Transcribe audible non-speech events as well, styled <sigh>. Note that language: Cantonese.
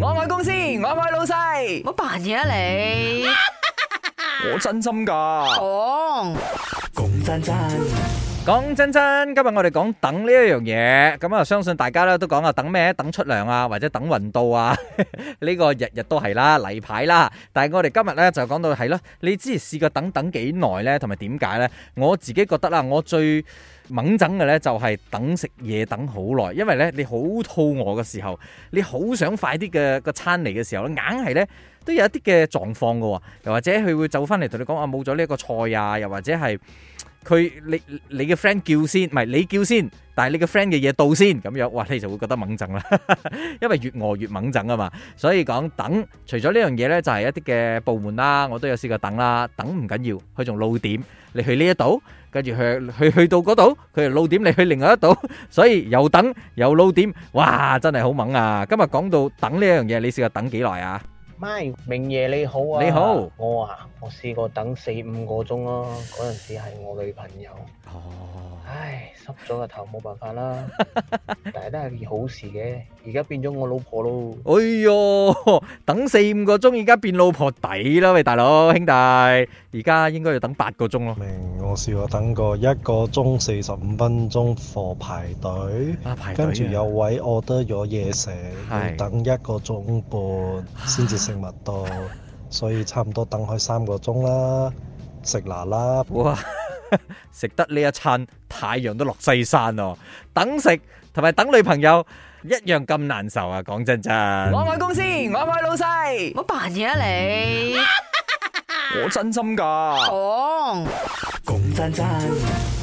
我愛公司，我愛老細。咪扮嘢啊你！ <laughs> 我真心㗎。哦。Oh. 講共真，真，真真，今日我哋講等呢一樣嘢，咁啊，相信大家咧都講啊等咩？等出糧啊，或者等運到啊，呢 <laughs> 個日日都係啦，例牌啦。但係我哋今日呢，就講到係咯，你之前試過等等幾耐呢？同埋點解呢？我自己覺得啦，我最猛憎嘅呢，就係等食嘢等好耐，因為呢，你好肚餓嘅時候，你好想快啲嘅個餐嚟嘅時候，硬係呢。都有一啲嘅狀況嘅，又或者佢會走翻嚟同你講啊，冇咗呢一個菜啊，又或者係佢你你嘅 friend 叫先，唔係你叫先，但係你嘅 friend 嘅嘢到先咁樣，哇，你就會覺得猛憎啦，因為越餓越猛憎啊嘛。所以講等，除咗呢樣嘢呢，就係一啲嘅部門啦，我都有試過等啦，等唔緊要，佢仲露點，你去呢一度，跟住去去去到嗰度，佢又露點，你去另外一度，所以又等又露點，哇，真係好猛啊！今日講到等呢一樣嘢，你試過等幾耐啊？咪，明爺你好啊！你好，我啊，我試過等四五個鐘啊，嗰陣時係我女朋友。哦早日頭冇辦法啦， <laughs> 但係都係件好事嘅。而家變咗我老婆咯。哎喲，等四五個鐘，而家變老婆抵啦，喂大佬兄弟，而家應該要等八個鐘咯。明，我試過等過一個鐘四十五分鐘貨排隊，啊排隊啊、跟住有位 order 咗嘢食，要是等一個鐘半先至食物到， <laughs> 所以差唔多等開三個鐘啦，食辣拿哇！ <laughs> 食 <laughs> 得呢一餐，太陽都落西山哦、啊！等食同埋等女朋友一樣咁難受啊！講真真，我開公司，我開老細，冇扮嘢啊你！ <laughs> 我真心噶，講講、oh. 真真。 <laughs>